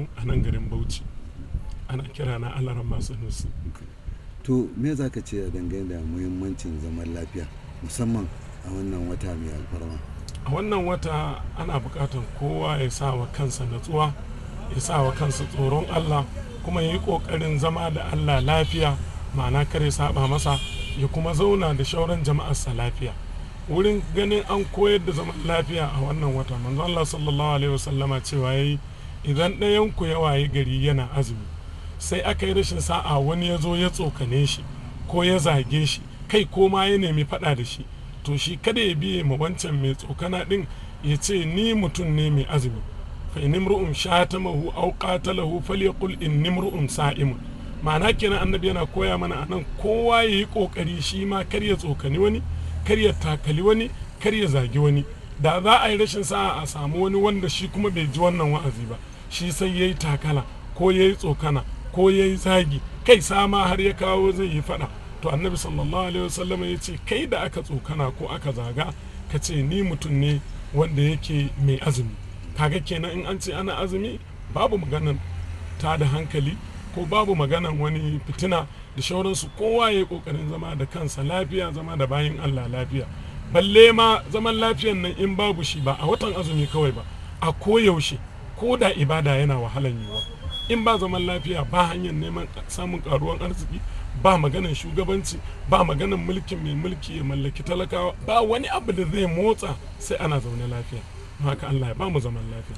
mu a nan garin bauchi ana kira na alaran masu to me za ka ce dangane da muhimmancin zaman lafiya musamman a wannan wata mai alfarma a wannan wata ana bukatar kowa ya sa wa kansa natsuwa ya sa wa kansa tsoron allah kuma ya yi ƙoƙarin zama da allah lafiya ma'ana kare saba masa ya kuma zauna da shauran jama'arsa lafiya wurin ganin an koyar da zaman lafiya a wannan wata manzo allah sallallahu alaihi wasallama cewa ya yi idan ɗayanku ya waye gari yana azumi sai aka yi rashin sa'a wani ya zo ya tsokane shi ko ya zage shi kai ko ma ya nemi faɗa da shi to shi kada ya biye ma wancan mai tsokana ɗin ya ce ni mutum ne mai azumi fa in imru'un shatamahu aw qatalahu falyaqul in imru'un sa'im ma'ana kenan annabi yana koya mana anan kowa yayi kokari shi ma kar ya tsokani wani kar ya takali wani kar ya zagi wani da za a yi rashin sa'a a samu wani wanda shi kuma bai ji wannan wa'azi ba shi sai ya yi takala ko ya yi tsokana ko ya yi zagi kai sama har ya kawo zai yi faɗa to annabi sallallahu alaihi wasallam ya ce kai da aka tsokana ko aka zaga ka ce ni mutum ne wanda yake mai azumi kaga kenan in an ce ana azumi babu maganan ta da hankali ko babu maganan wani fitina da shauransu kowa ya yi kokarin zama da kansa lafiya zama da bayan allah lafiya balle ma zaman lafiyan nan in babu shi ba a watan azumi kawai ba a koyaushe ko da ibada yana wahalan yiwuwa in ba zaman lafiya ba hanyar neman samun karuwan arziki ba maganan shugabanci ba maganan mulkin mai mulki ya mallaki talakawa ba wani abu da zai motsa sai ana zaune lafiya haka Allah ya ba mu zaman lafiya